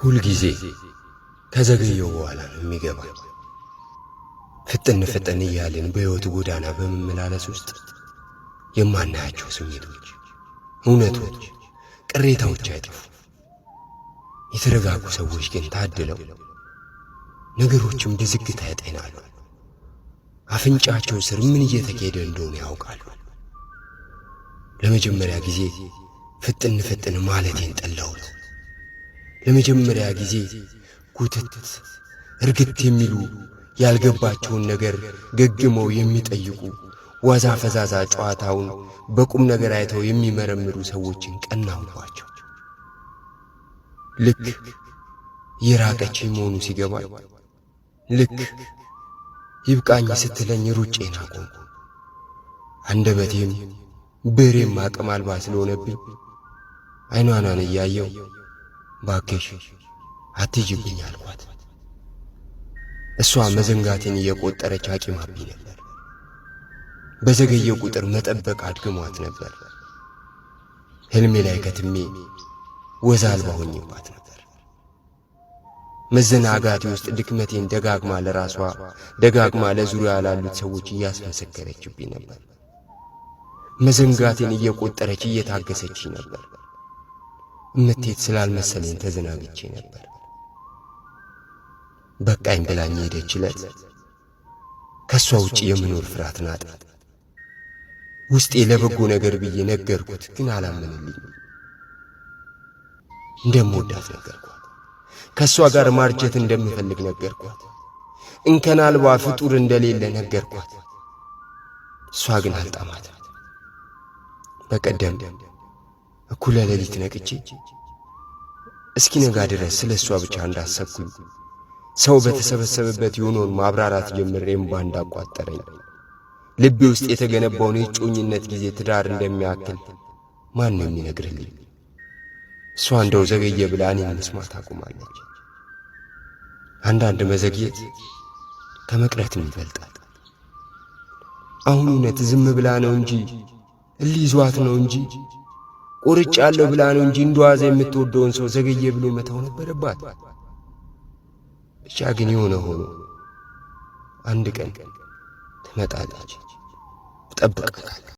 ሁልጊዜ ከዘገየው በኋላ ነው የሚገባ። ፍጥን ፍጥን እያልን በሕይወት ጎዳና በመመላለስ ውስጥ የማናያቸው ስሜቶች፣ እውነቶች፣ ቅሬታዎች አይጠፉ። የተረጋጉ ሰዎች ግን ታድለው ነገሮችም በዝግታ ያጤናሉ። አፍንጫቸው ስር ምን እየተካሄደ እንደሆነ ያውቃሉ። ለመጀመሪያ ጊዜ ፍጥን ፍጥን ማለቴን ጠላሁት። ለመጀመሪያ ጊዜ ጉትት እርግት የሚሉ ያልገባቸውን ነገር ገግመው የሚጠይቁ ዋዛ ፈዛዛ ጨዋታውን በቁም ነገር አይተው የሚመረምሩ ሰዎችን ቀናሁባቸው። ልክ የራቀች መሆኑ ሲገባኝ፣ ልክ ይብቃኝ ስትለኝ ሩጬን አቆምኩ። አንደበቴም ብሬም አቅም አልባ ስለሆነብኝ አይኗኗን እያየው ባኬሽ አትጅብኝ አልኳት። እሷ መዘንጋቴን እየቆጠረች አቂማብኝ ነበር። በዘገየ ቁጥር መጠበቅ አድግሟት ነበር። ሕልሜ ላይ ከትሜ ወዛ አልባ ሆኜባት ነበር። መዘናጋቴ ውስጥ ድክመቴን ደጋግማ ለራሷ ደጋግማ ለዙሪያ ላሉት ሰዎች እያስመሰከረችብኝ ነበር። መዘንጋቴን እየቆጠረች እየታገሰች ነበር። ምትሄድ ስላልመሰለኝ ተዘናግቼ ነበር። በቃኝ ብላኝ ሄደች ከእሷ ውጭ የምኖር ፍርሃት ናጣት። ውስጤ ለበጎ ነገር ብዬ ነገርኩት፣ ግን አላመንልኝ። እንደምወዳት ነገርኳት። ከእሷ ጋር ማርጀት እንደምፈልግ ነገርኳት። እንከን አልባ ፍጡር እንደሌለ ነገርኳት። እሷ ግን አልጣማት። በቀደም እኩለ ሌሊት ነቅቼ እስኪ ነጋ ድረስ ስለ እሷ ብቻ እንዳሰብኩኝ ሰው በተሰበሰበበት የሆነውን ማብራራት ጀምሬ እምባ እንዳቋጠረኝ ልቤ ውስጥ የተገነባውን የእጮኝነት ጊዜ ትዳር እንደሚያክል ማን ነው የሚነግርልኝ? እሷ እንደው ዘገየ ብላ እኔን መስማት አቁማለች። አንዳንድ መዘግየት ከመቅረትም ይበልጣል። አሁን እውነት ዝም ብላ ነው እንጂ እልይዟት ነው እንጂ ቁርጭ ያለው ብላ ነው እንጂ እንደዋዛ የምትወደውን ሰው ዘገየ ብሎ መተው ነበረባት። ብቻ ግን የሆነ ሆኖ አንድ ቀን ትመጣለች፣ እጠብቃታለሁ።